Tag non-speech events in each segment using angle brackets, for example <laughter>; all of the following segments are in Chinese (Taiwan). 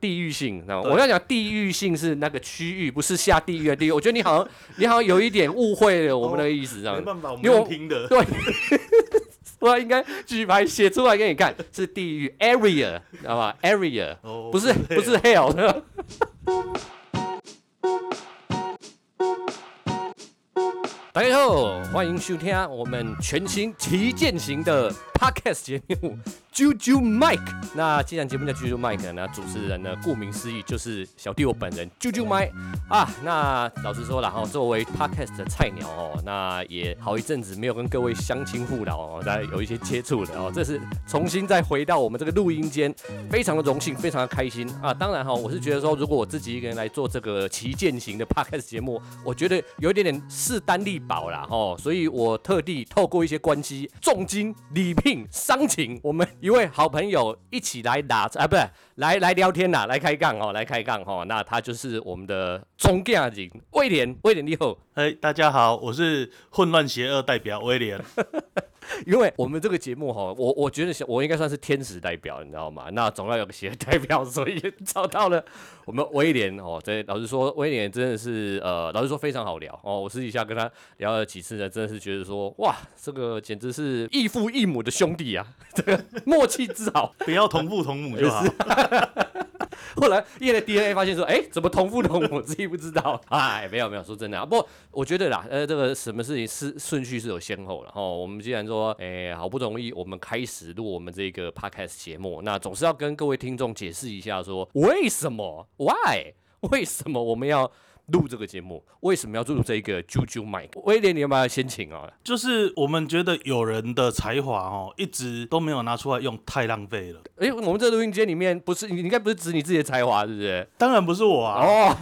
地域性，對我要講地域性是那個區域，不是下地獄的地獄。 <laughs> 我覺得你好像，你好像有一點誤會了我們的意思，oh, 這樣，因為我們聽的對。 <laughs> <laughs> 我應該舉牌寫出來給你看，是地域 （area），知道吧 area 不是、oh, 不是 hell。yeah. 是 ale, 是 <laughs> 大家好，歡迎收聽我們全新旗艦型的 Podcast 節目。啾啾 Mike，那既然節目叫啾啾 Mike 呢，那主持人呢，顧名思義就是小弟我本人啾啾 Mike 啊。那老實說啦，哈，作為 Podcast 的菜鳥哦，那也好一陣子沒有跟各位鄉親父老大家有一些接觸了哦，這是重新再回到我們這個錄音間，非常的榮幸，非常的開心啊。當然哈，我是覺得說，如果我自己一個人來做這個旗艦型的 Podcast 節目，我覺得有一點點勢單力薄啦吼，所以我特地透過一些關係，重金禮聘、商請我們。一位好朋友一起來打啊，不是來來聊天啦，來開槓哦，來開槓哦，那他就是我們的主講人威廉，威廉你好，嘿，hey, 大家好，我是混亂邪惡代表威廉。 <laughs> 因為我們這個節目哈，我我覺得我應該算是天使代表，你知道嗎？那總要有個邪惡代表，所以找到了我們威廉哦。這老實說，威廉真的是呃，老實說非常好聊哦。我私底下跟他聊了幾次呢，真的是覺得說哇，這個簡直是異父異母的兄弟啊，這個默契之好，不要同父同母就好。就後來驗了 DNA，發現說，哎、欸，怎麼同父同母？我自己不知道。 <laughs> 哎，沒有沒有，說真的啊。不過我覺得啦，呃，這個什麼事情是順序是有先後的。然後我們既然說，哎、欸，好不容易我們開始錄我們這個 Podcast 節目，那總是要跟各位聽眾解釋一下說，說為什麼？Why？為什麼我們要？錄這個節目，為什麼要錄這個啾啾麥？威廉，你要不要先請哦？就是我們覺得有人的才華哦，一直都沒有拿出來用，太浪費了。哎、欸，我們這錄音間裡面，不是你，應該不是指你自己的才華，是不是？當然不是我啊！哦，oh!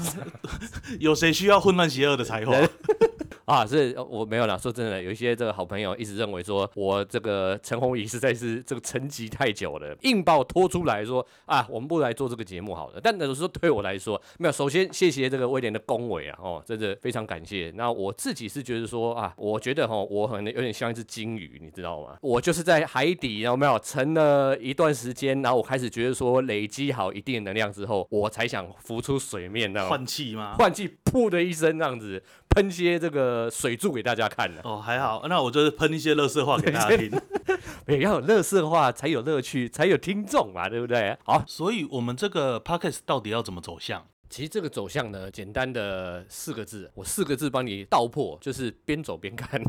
<laughs> 有誰需要混亂邪惡的才華？ <laughs> <laughs> 啊，是我沒有了。說真的，有一些這個好朋友一直認為說我這個陳鴻儀實在是這個沉寂太久了，硬把我拖出來說啊，我們不來做這個節目好了。但有時候對我來說，沒有。首先謝謝這個威廉的恭維啊，哦，真的非常感謝。那我自己是覺得說啊，我覺得哈，我可能有點像一隻鯨魚，你知道嗎？我就是在海底然後沒有沉了一段時間，然後我開始覺得說累積好一定的能量之後，我才想浮出水面那換氣嘛，換氣，噗的一聲，這樣子。噴些這個水柱給大家看哦，還好，那我就噴一些垃圾話給大家聽，對對對， <laughs> 也要有垃圾話才有樂趣，才有聽眾嘛，對不對？好，所以我們這個 Podcast 到底要怎麼走向？其實這個走向呢，簡單的四個字，我四個字幫你道破，就是邊走邊看。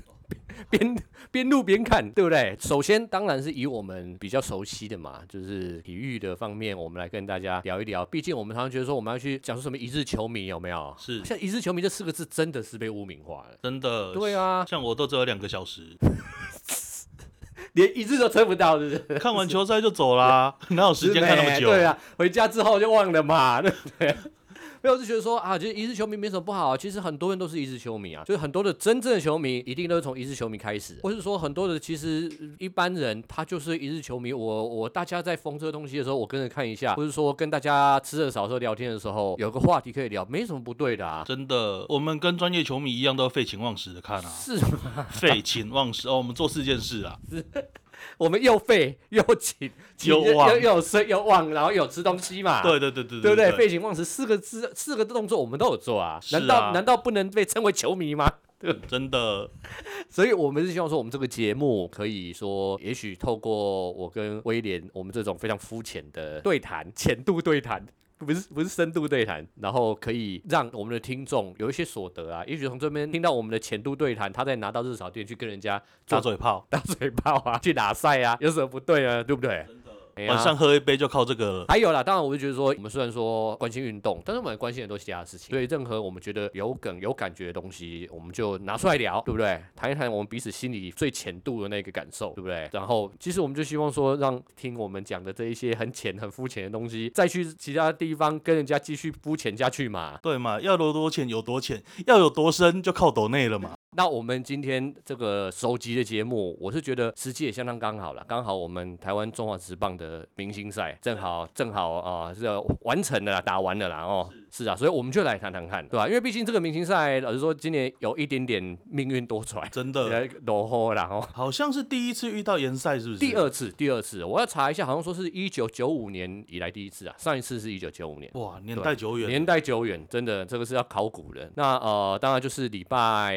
邊邊錄邊看，對不對？首先當然是以我們比較熟悉的嘛，就是體育的方面，我們來跟大家聊一聊。畢竟我們常常覺得說我們要去講述什麼一日球迷有沒有？是像一日球迷這四個字真的是被污名化了，真的。對啊，像我都只有兩個小時， <laughs> 連一日都撐不到，是不是？看完球賽就走啦， <laughs> 是哪有時間看那麼久？對啊，回家之後就忘了嘛。對啊。 <laughs> 沒有，我就覺得說啊，其實一日球迷沒什麼不好啊。其實很多人都是一日球迷啊，就是很多的真正的球迷一定都是從一日球迷開始，或是說很多的其實一般人他就是一日球迷。我我大家在瘋這個東西的時候，我跟着看一下，或是說跟大家吃的少候聊天的時候，有個話題可以聊，沒什麼不對的啊。真的，我們跟專業球迷一樣都，都要廢寢忘食的看啊。是嗎？廢寢忘食哦，我們做四件事啊。我們又廢又緊，又又旺又又忘，然後有吃東西嘛？對對對對對，對不對？廢寢忘食四個字，四個動作我們都有做啊。啊難道難道不能被稱為球迷嗎？對，對、嗯，真的。所以，我們是希望說，我們這個節目可以說，也許透過我跟威廉，我們這種非常膚淺的對談，淺度對談。不是不是深度對談，然後可以讓我們的聽眾有一些所得啊，也許從這邊聽到我們的淺度對談，他再拿到熱炒店去跟人家打嘴炮、打嘴炮啊，去打賽啊，有什麼不對啊，對不對？晚上喝一杯就靠這個了，哎。還有啦，當然我就覺得說，我們雖然說關心運動，但是我們關心的都是其他的事情。所以任何我們覺得有梗、有感覺的東西，我們就拿出來聊，對不對？談一談我們彼此心裡最淺度的那個感受，對不對？然後其實我們就希望說讓，讓聽我們講的這一些很淺、很膚淺的東西，再去其他地方跟人家繼續膚淺下去嘛？對嘛？要有多淺有多淺，要有多深就靠抖內了嘛？那我們今天這個首集的節目，我是覺得時機也相當剛好了，剛好我們台灣中華職棒的明星賽，正好正好、呃、啊，是要完成了啦，打完了啦，哦，是，是啊，所以我們就來談談看，對吧、啊？因為畢竟這個明星賽，老實說，今年有一點點命運多舛，真的，落後，然、哦、後，好像是第一次遇到延賽，是不是？第二次，第二次，我要查一下，好像說是一九九五年以來第一次啊，上一次是一九九五年，哇，年代久遠、啊，年代久遠，真的，這個是要考古的。那呃，當然就是禮拜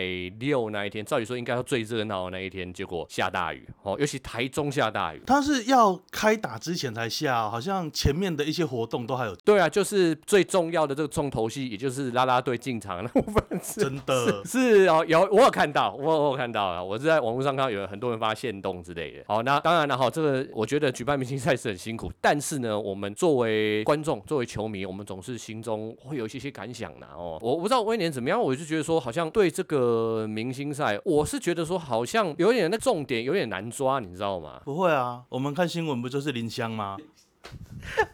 六那一天，照理說應該要最熱鬧的那一天，結果下大雨哦，尤其台中下大雨。他是要開打之前才下，好像前面的一些活動都還有。對啊，就是最重要的這個重頭戲，也就是啦啦隊進場了，那真的是哦，有我有看到，我有我有看到啊，我是在網絡上看到有很多人發限動之類的。好，那當然了，好、哦、這個我覺得舉辦明星賽是很辛苦，但是呢，我們作為觀眾，作為球迷，我們總是心中會有一些些感想的哦我。我不知道威廉怎麼樣，我就覺得說好像對這個。明星賽，我是覺得說好像有點那重點有點難抓，你知道嗎？不會啊，我們看新聞不就是林湘嗎？ <laughs>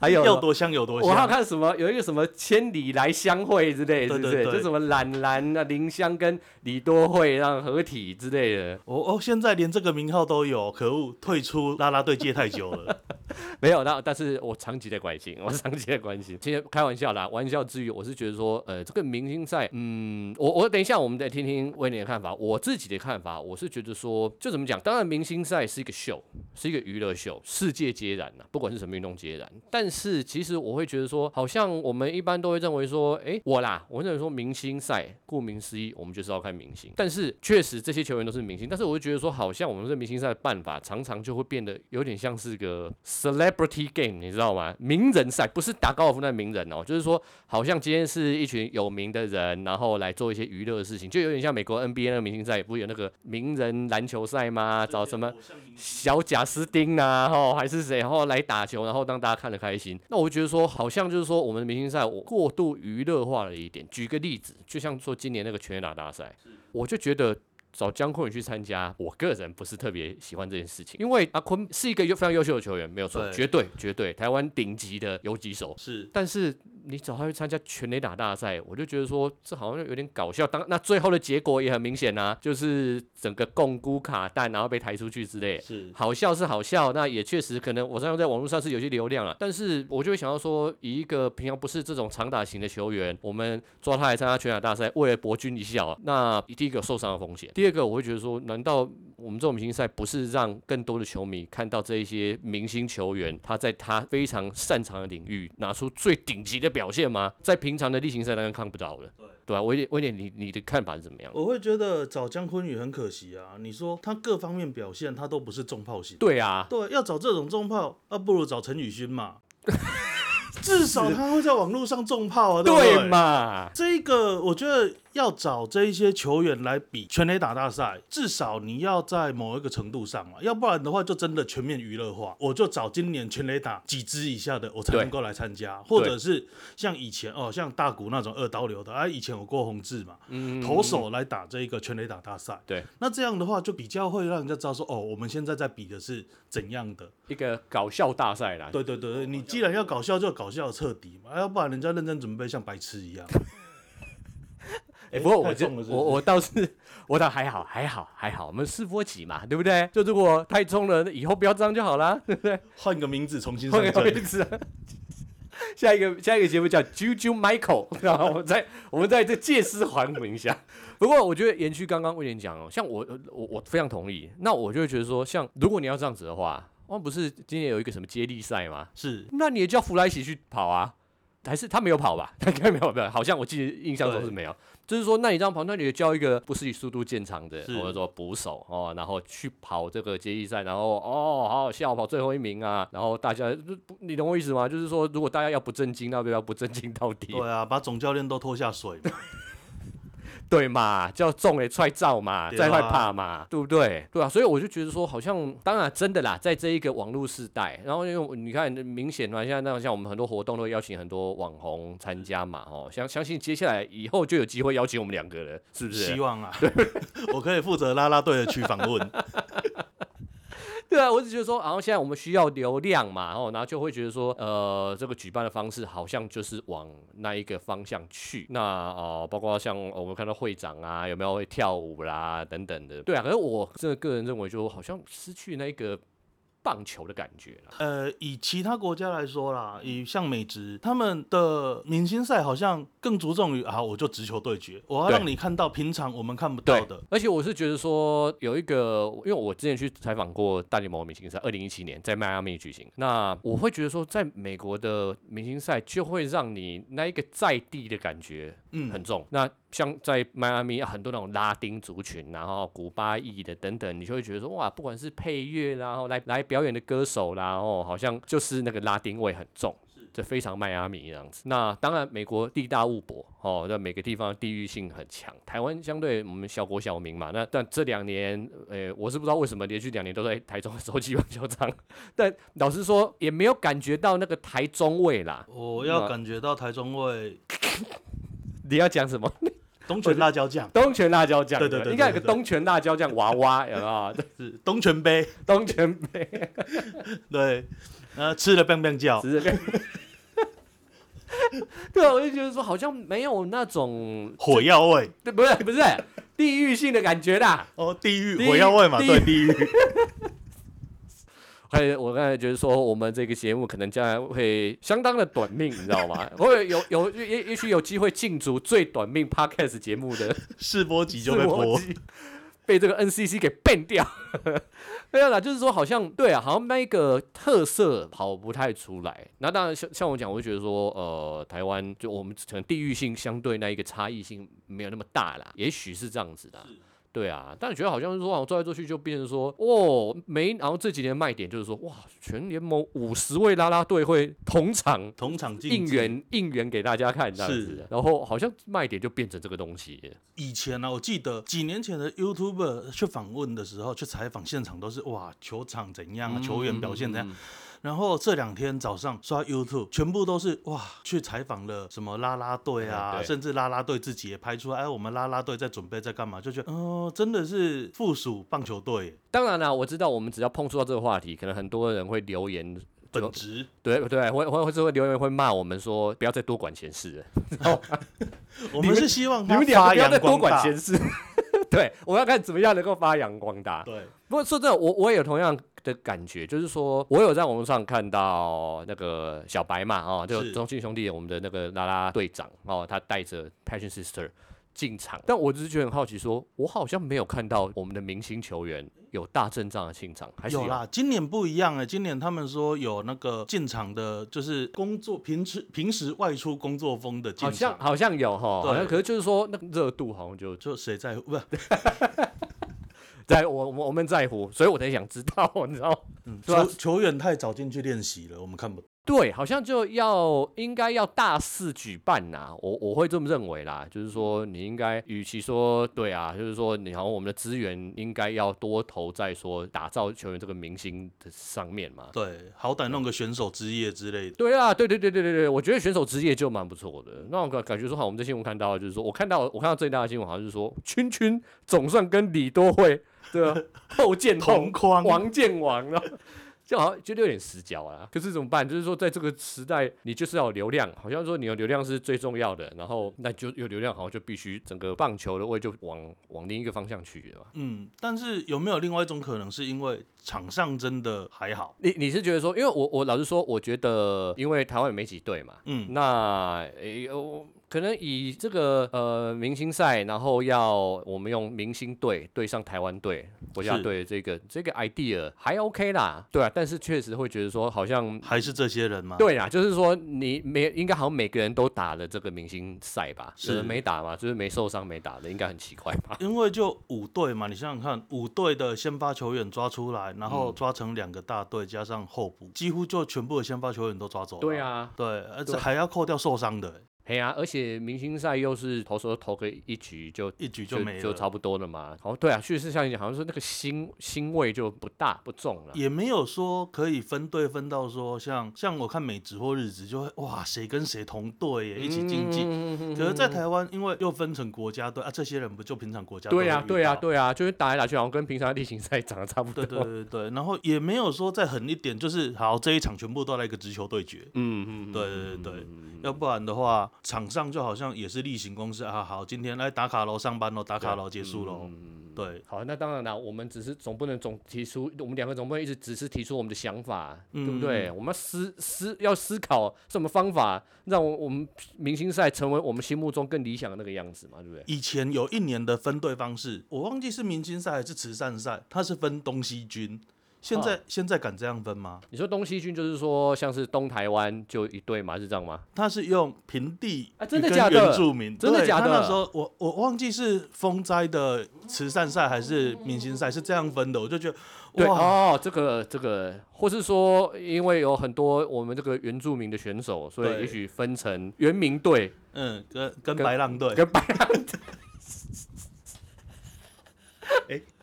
還有要多香有多香，我還要看什麼？有一個什麼千里來相會之類，是不是？對對對，就什麼懶蘭啊、林湘跟李多慧這樣合體之類的。我哦，哦，現在連這個名號都有，可惡！退出啦啦隊界太久了。 <laughs> 沒有，那但是我長期的關心，我長期的關心。今天開玩笑啦，玩笑之餘，我是覺得說，呃，這個明星賽，嗯，我我等一下，我們再聽聽威廉的看法。我自己的看法，我是覺得說，就怎麼講？當然，明星賽是一個秀，是一個娛樂秀，世界皆然吶，不管是什麼運動界。但是其實我會覺得說，好像我們一般都會認為說，哎、欸，我啦，我認為說，明星賽，顧名思義，我們就是要看明星。但是確實這些球員都是明星，但是我會覺得說，好像我們這明星賽的辦法常常就會變得有點像是個 celebrity game，你知道嗎？名人賽不是打高爾夫那名人哦、喔，就是說好像今天是一群有名的人，然後來做一些娛樂的事情，就有點像美國 NBA 那個明星賽，不是有那個名人籃球賽嗎？找什麼小賈斯汀啊，哦，還是誰，然後來打球，然後當。大家看得開心，那我就覺得說好像就是說，我們的明星賽我過度娛樂化了一點。舉個例子，就像說今年那個全壘打大賽，是我就覺得。找江坤宇去參加，我個人不是特別喜歡這件事情，因為阿坤是一個非常優秀的球員，沒有錯，對絕對絕對，台灣頂級的游擊手是。但是你找他去參加全壘打大賽，我就覺得說這好像有點搞笑。當那最後的結果也很明顯啊，就是整個摃龜卡彈，然後被抬出去之類。是，好笑是好笑，那也確實可能我這樣在網絡上是有些流量啊，但是我就會想要說，以一個平常不是這種長打型的球員，我們抓他來參加全壘打大賽，為了博君一笑，啊，那一定有受傷的風險。第二個，我會覺得說，難道我們這種明星賽不是讓更多的球迷看到這一些明星球員他在他非常擅長的領域拿出最頂級的表現嗎？在平常的例行賽當中，看不到的對，啊，我一點，我你你的看法是怎麼樣？我會覺得找江坤宇很可惜啊！你說他各方面表現，他都不是重炮型。對啊。對，要找這種重炮那、啊、不如找陳宇勳嘛， <laughs> 是至少他會在網絡上重炮啊，對，對，對嘛、啊？這個我覺得。要找這一些球員來比全壘打大賽，至少你要在某一個程度上嘛，要不然的話就真的全面娛樂化。我就找今年全壘打幾支以下的，我才能夠來參加，對或者是像以前哦，像大谷那種二刀流的，啊、哎，以前郭泓志嘛，投手來打這個全壘打大賽。對、嗯嗯，那這樣的話就比較會讓人家知道說，哦，我們現在在比的是怎樣的一個搞笑大賽啦。對對對，你既然要搞笑，就搞笑徹底嘛，要、哎、不然人家認真準備像白痴一樣。 <laughs> 哎、欸，不過我這是不是我我倒是，我倒，是我倒還好還好還好，我們試播集嘛，對不對？就如果太衝了，那以後不要這樣就好了，對不對？換個名字重新上車，換個名字， <laughs> 下一個下一個節目叫啾啾 Michael， <laughs> 然後？ <laughs> 我們再我們再這借屍還魂一下。 <laughs> 不過我覺得延續剛剛威廉講哦，像我我我非常同意。那我就會覺得說像，像如果你要這樣子的話，我們不是今天有一個什麼接力賽嗎？是。那你也叫弗萊奇去跑啊？還是他沒有跑吧？他應該沒有，沒有，好像我記得印象中是沒有。對就是說那你這樣跑，那你讓那你就教一個不是以速度見長的，或者是說捕手哦，然後去跑這個接力賽，然後哦，好好笑，跑最後一名啊！然後大家，你懂我意思嗎？就是說，如果大家要不正經，那不要不正經到底。對啊，把總教練都拖下水。 <laughs> 對嘛，叫重，哎，踹造嘛，吧再害怕嘛，對不對？對啊，所以我就覺得說，好像當然真的啦，在這一個網絡時代，然後因為你看明顯嘛，現在像像我們很多活動都會邀請很多網紅參加嘛，哦，相相信接下來以後就有機會邀請我們兩個了，是不是？希望啊，對 <laughs> <laughs> 我可以負責拉拉隊的去訪問。 <laughs> 對啊，我只覺得說，然後現在我們需要流量嘛，然後然後就會覺得說，呃，這個舉辦的方式好像就是往那一個方向去。那哦、呃，包括像我們看到會長啊，有沒有會跳舞啦等等的。對啊，可是我這個人認為，就好像失去那一個。棒球的感覺啦，呃，以其他國家來說啦，以像美職他們的明星賽好像更注重於啊，我就直球對決，我要讓你看到平常我們看不到的。而且我是覺得說有一個，因為我之前去採訪過大聯盟明星賽，二零一七年在邁阿密舉行。那我會覺得說，在美國的明星賽就會讓你那一個在地的感覺嗯很重。嗯、那像在邁阿密很多那種拉丁族群，然後古巴裔的等等，你就會覺得說哇，不管是配樂然後來來。表演的歌手啦，哦，好像就是那個拉丁味很重，是就非常邁阿密這樣子。那當然，美國地大物博，哦，那每個地方地域性很強。台灣相對我們小國小民嘛，那但這兩年，誒、欸，我是不知道為什麼連續兩年都在台中洲際棒球場。但老實說，也沒有感覺到那個台中味啦。我要感覺到台中味那， <laughs> 你要講什麼？東泉辣椒醬，東泉辣椒醬，對對應該有個東泉辣椒醬娃娃，有啊，就是東泉杯，東泉杯，對，呃，吃了蹦蹦叫，吃了蹦蹦叫，對我就覺得說好像沒有那種火藥味，對，不對不是地域性的感覺啦，哦，地域火藥味嘛，對，地域。還 <laughs> 我剛才覺得說，我們這個節目可能將來會相當的短命，你知道嗎？會有有也也許有機會競逐最短命 Podcast 節目的試播集就會播，被這個 NCC 給 ban 掉。沒 <laughs> 有、啊、啦，就是說好像對啊，好像那一個特色跑不太出來。那當然像像我講，我就覺得說，呃，台灣就我們可能地域性，相對那一個差異性沒有那麼大啦，也許是這樣子的。對啊，但是覺得好像是說，哦，做來做去就變成說，哦，沒，然後這幾年賣點就是說，哇，全聯盟五十位啦啦隊會同場同場應援應援給大家看是這樣子，然後好像賣點就變成這個東西。以前呢、啊，我記得幾年前的 YouTuber 去訪問的時候，去採訪現場都是，哇，球場怎樣、啊，球員表現怎樣。嗯嗯然後這兩天早上刷 YouTube，全部都是哇，去採訪了什麼拉拉隊啊，嗯、甚至拉拉隊自己也拍出來哎，我們拉拉隊在準備在幹嘛？就覺得哦，真的是附屬棒球隊。當然啦，我知道我們只要碰觸到這個話題，可能很多人會留言，本職對對，或或或者留言會罵我們說，不要再多管閒事。我們是希望你們，你們，你們倆不要再多管閒事。 <laughs> 對，我要看怎麼樣能夠發揚光大、啊。對，不過說真的，我我也有同樣的感覺，就是說，我有在網路上看到那個小白嘛，哦，就、這個、中信兄弟是我們的那個拉拉隊長哦，他帶着 Passion Sister 進場，但我只是覺得很好奇說，說我好像沒有看到我們的明星球員。有大陣仗的進場，還有，有啦。今年不一樣哎、欸，今年他們說有那個進場的，就是工作平時平時外出工作風的進場，好像對好像有哈，好像可是就是說那熱度好像就就誰在乎 <laughs> <laughs> 在我我，我們在乎，所以我才想知道，你知道？嗯，球球員太早進去練習了，我們看不。對，好像就要應該要大肆舉辦吶、啊，我我會這麼認為啦。就是說，你應該，與其說對啊，就是說，你好像我們的資源應該要多投在說打造球員這個明星的上面嘛。對，好歹弄個選手之夜之類的。對，對啊，對對對對對對，我覺得選手之夜就蠻不錯的。那我感覺說，好，我們在新聞看到就是說我看到我看到最大的新聞，好像就是說，圈圈總算跟李多慧對吧、啊，後見 <laughs> 同框建王，王見王了。就好像覺得有點死角啊，可是怎麼辦？就是說，在這個時代，你就是要有流量，好像說你的流量是最重要的，然後那就有流量，好像就必須整個棒球的位就往往另一個方向去了。嗯，但是有沒有另外一種可能，是因為？場上真的還好，你你是覺得說，因為我我老實說，我覺得因為台灣有沒幾隊嘛，嗯，那、欸、呃可能以這個呃明星賽，然後要我們用明星隊對上台灣隊、國家隊這個是這個 idea 還 OK 啦，對啊，但是確實會覺得說好像還是這些人嗎？對啊，就是說你沒應該好像每個人都打了這個明星賽吧？是沒打嘛？就是沒受傷沒打的，應該很奇怪吧？因為就五隊嘛，你想想看，五隊的先發球員抓出來。然後抓成兩個大隊，加上候補，嗯、幾乎就全部的先發球員都抓走了。對啊，對，對。而且還要扣掉受傷的、欸。哎呀、啊，而且明星賽又是投手投個一局就一局就沒就，就差不多了嘛。哦，對啊，敘事像你講，好像是那個腥腥味就不大不重了。也沒有說可以分隊分到說像像我看美職或日職就會哇誰跟誰同隊一起競技。嗯嗯，嗯可是在台灣因為又分成國家隊啊，這些人不就平常國家隊、啊。對呀、啊、對呀對呀，就是打來打去好像跟平常的例行賽長得差不多。對對對，對，對，然後也沒有說再狠一點，就是好這一場全部都來一個直球對決。嗯嗯對對對，要不然的話。場上就好像也是例行公事啊，好，今天來打卡嘍，上班嘍，打卡嘍，對，結束嘍，嗯、對。好，那當然了，我們只是總不能總提出，我們兩個總不能一直只是提出我們的想法，嗯、對不對？我們要思思，要思考什麼方法，讓我我們明星賽成為我們心目中更理想的那個樣子嘛，對不對？以前有一年的分隊方式，我忘記是明星賽還是慈善賽，它是分東西軍。現在現在敢這樣分嗎？啊、你說東西軍就是說，像是東台灣就一隊嘛，是這樣嗎？他是用平地哎、啊，真的假的？原住民真的假的？那時候我我忘記是風災的慈善賽還是明星賽、嗯、是這樣分的，我就覺得對哇哦，這個這個，或是說因為有很多我們這個原住民的選手，所以也許分成原民隊、嗯，跟跟白浪隊，跟白浪隊。哎。 <laughs>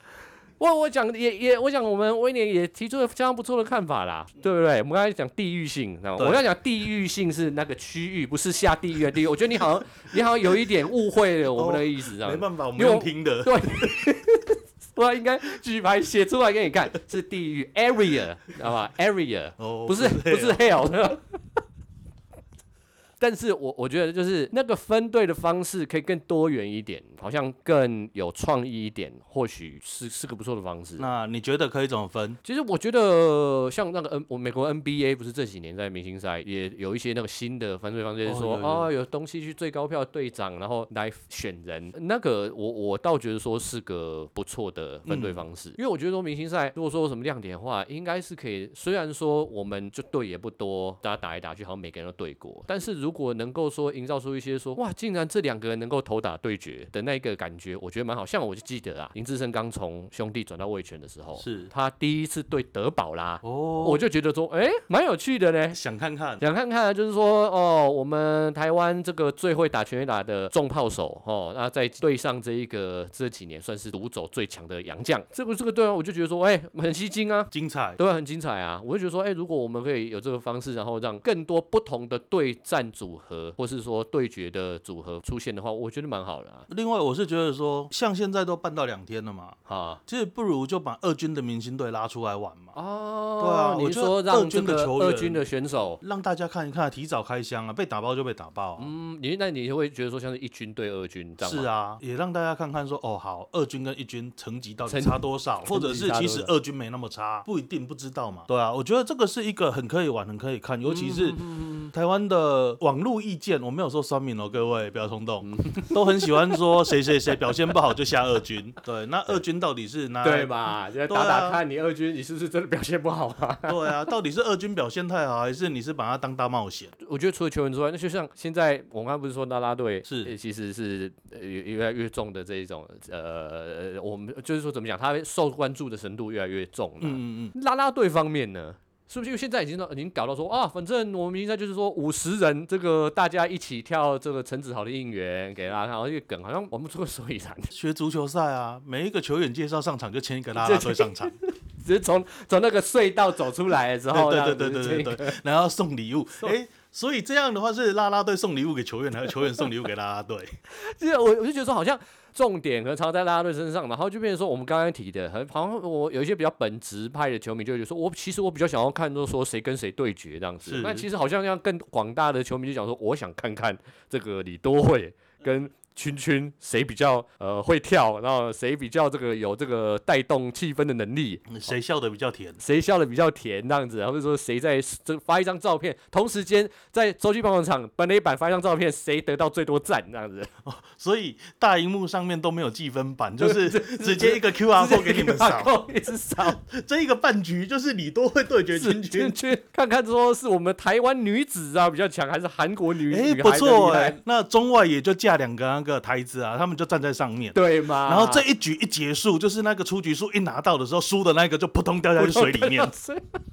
哇，我我講也也，我講我們威廉也提出了相當不錯的看法啦，對不對？我們剛才講地域性，知道嗎？對我剛才講地域性是那個區域，不是下地獄的地獄。 <laughs> 我覺得你好像你好像有一點誤會了我們的意思，哦、沒辦法，我們用聽的。對， <laughs> <laughs> 我應該舉牌寫出來給你看，是地域 （area），知道 <laughs> 吧 area 不是不是 hell。 <laughs> 但是我我覺得就是那個分隊的方式可以更多元一點，好像更有創意一點，或許是是個不錯的方式。那你覺得可以怎麼分？其實我覺得像那個 N，我美國 NBA 不是這幾年在明星賽也有一些那個新的分隊方式，就是說啊，有東西區最高票隊長，然後來選人。那個我我倒覺得說是個不錯的分隊方式，嗯、因為我覺得說明星賽如果說有什麼亮點的話，應該是可以。雖然說我們就隊也不多，大家打來打去好像每個人都對過，但是如果如果能夠說營造出一些說哇，竟然這兩個人能夠投打對決的那個感覺，我覺得蠻好像。我就記得啊，林智勝剛從兄弟轉到味全的時候，是他第一次對德保拉。哦，我就覺得說，哎、欸，蠻有趣的呢，想看看，想看看，就是說，哦，我們台灣這個最會打全壘打的重炮手，哦，那在對上這一個這幾年算是獨走最強的洋將，這個這個對啊，我就覺得說，哎、欸，很吸睛啊，精彩，對、啊、很精彩啊，我就覺得說，哎、欸，如果我們可以有這個方式，然後讓更多不同的對戰。組合，或是說對決的組合出現的話，我覺得蠻好的、啊。另外，我是覺得說，像現在都辦到兩天了嘛，哈、啊，其實不如就把二軍的明星隊拉出來玩嘛。哦，對啊，你說我就說，讓二軍的球員、二軍的選手，讓大家看一看，提早開箱啊，被打包就被打爆、啊、嗯，你那你會覺得說，像是一軍對二軍這樣？是啊，也讓大家看看說，哦，好，二軍跟一軍成績到底差多少？多少或者是其實二軍沒那麼差，不一定，不知道嘛。嗯、對啊，我覺得這個是一個很可以玩、很可以看，尤其是、嗯嗯嗯、台灣的。網路意見，我沒有說酸民哦，各位不要衝動，嗯、都很喜歡說誰誰誰表現不好就下二軍。 <laughs> 對，那二軍到底是哪，對吧，現在、嗯啊、打打看你，你二軍你是不是真的表現不好啊？對啊，到底是二軍表現太好，還是你是把他當大冒險？我覺得除了球員之外，那就像現在我們剛不是說啦啦隊是，其實是越來越重的這一種，是呃，我們就是說怎麼講，他受關注的程度越來越重了。嗯嗯，啦啦隊方面呢？是不是因為現在已經已經搞到說啊，反正我們應該就是說五十人，這個大家一起跳這個陳子豪的應援，給大家看，然後這個梗，好像我們之後所以場學足球賽啊，每一個球員介紹上場就簽一個啦啦隊上場，直接從從那個隧道走出來的時候，對對對對對，對， <laughs> 然後送禮物，送 欸所以這樣的話是拉拉隊送禮物給球員，還是球員送禮物給拉拉隊？這樣 <laughs> 我我就覺得說好像重點可能常在拉拉隊身上，然後就變成說我們剛剛提的，好像我有一些比較本職派的球迷就覺得說，我其實我比較想要看就說誰跟誰對決這樣子。那是其實好像要更廣大的球迷就講說，我想看看這個李多慧跟。 <laughs> 群群誰比較呃會跳，然後誰比較這個有這個帶動氣氛的能力，誰、嗯、笑的比較甜，誰、哦、笑的比較甜那樣子，然後就說誰在發一張照片，同時間在洲際棒棒場，本一版發一張照片，誰得到最多贊那樣子、哦。所以大熒幕上面都沒有記分板， <laughs> 就是直接一個 Q R code 給你們掃，一直掃。 <laughs> 這一個半局就是李多慧對決是群，群，群群，看看說是我們台灣女子啊比較強，還是韓國女子比較強？欸、不錯哎、欸。那中外也就架兩個、啊。這個台子啊，他們就站在上面，對嗎？然後這一局一結束，就是那個出局數一拿到的時候，輸的那個就撲通掉在水裡面。 <laughs>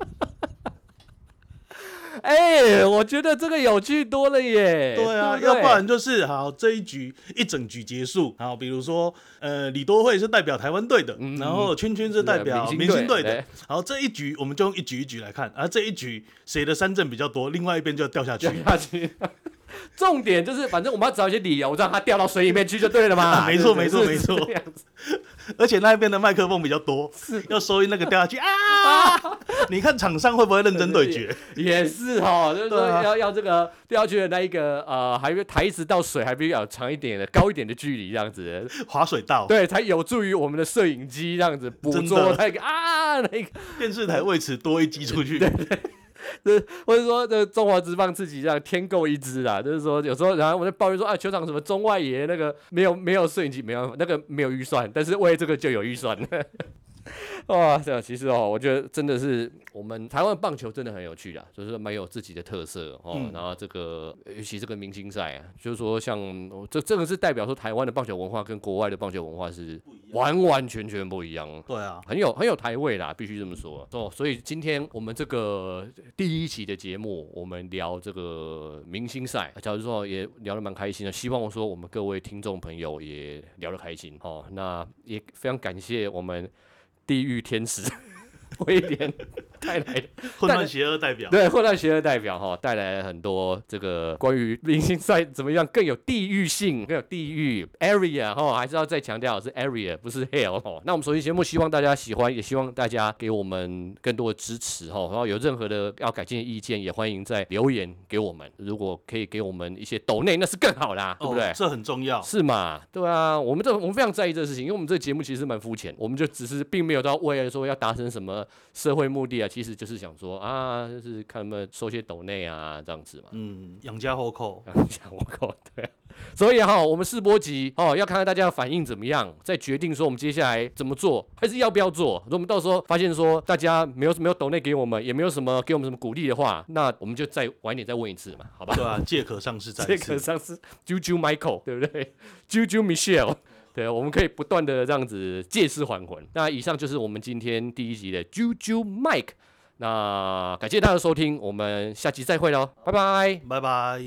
哎，我覺得這個有趣多了耶。對啊，對不對？要不然就是好，這一局一整局結束，好，比如說，呃，李多慧是代表台灣隊的，嗯、然後圈圈、嗯、是代表明星隊，明星隊的，然後、哎、這一局我們就用一局一局來看，啊，這一局誰的三振比較多，另外一邊就要掉下去。 <laughs> 重點就是，反正我們要找一些理由，讓它掉到水裡面去就對了嘛。沒錯、啊，沒錯，沒錯，沒錯。而且那邊的麥克風比較多，是要收音那個掉下去啊！啊你看場上會不會認真對決？也是、也、也是哦，就是說要、啊、要這個掉下去的那一個呃，還有一個台詞到水還比較長一點的、高一點的距離這樣子，滑水道對，才有助於我們的攝影機這樣子捕捉那個、啊、那一個啊那個電視台為此多一機出去。對對。這， <laughs> 或者說，這中華職棒自己這樣添購，一支啦，就是說，有時候，然後我就抱怨說，啊，球場什麼中外野那個沒有沒有攝影機，沒辦法，那個沒有預算，但是為這個就有預算。呵呵哇，這樣其實哦，我覺得真的是我們台灣棒球真的很有趣啊，就是蠻有自己的特色哦。嗯、然後這個尤其這個明星賽，就是說像、哦、這這個是代表說台灣的棒球文化跟國外的棒球文化是完完全全不一樣。對啊，很有很有台味啦，必須這麼說。哦，所以今天我們這個第一期的節目，我們聊這個明星賽，假如說也聊得蠻開心的，希望說我們各位聽眾朋友也聊得開心哦。那也非常感謝我們。地獄天使。威廉帶來混亂邪惡代表，對混亂邪惡代表哈，帶來了很多這個關於明星賽怎麼樣更有地域性，更有地域 area 哈，還是要再強調是 area 不是 hell 哈。那我們首期節目希望大家喜歡，也希望大家給我們更多的支持哈。然後有任何的要改進的意見，也歡迎在留言給我們。如果可以給我們一些抖內，那是更好啦，哦、對不對？這很重要，是嘛？對啊，我們這我們非常在意這事情，因為我們這節目其實蠻膚淺，我們就只是並沒有到為了說要達成什麼。社會目的啊，其實就是想說啊，就是看他們收些斗內啊，這樣子嘛。嗯，養家糊口。 <laughs> 養家糊口，對、啊。所以哈、哦，我們試播集哦，要看看大家的反應怎麼樣，再決定說我們接下來怎麼做，還是要不要做。如果我們到時候發現說大家沒有沒有斗內給我們，也沒有什麼給我們什麼鼓勵的話，那我們就再晚一點再問一次嘛，好吧？對啊，借殼上市，借殼上市，啾啾 Michael，對不對？啾啾 Michelle。對，我們可以不斷的這樣子借屍還魂。那以上就是我們今天第一集的啾啾 Mike。那感謝大家收聽，我們下集再會嘍，拜拜，拜拜。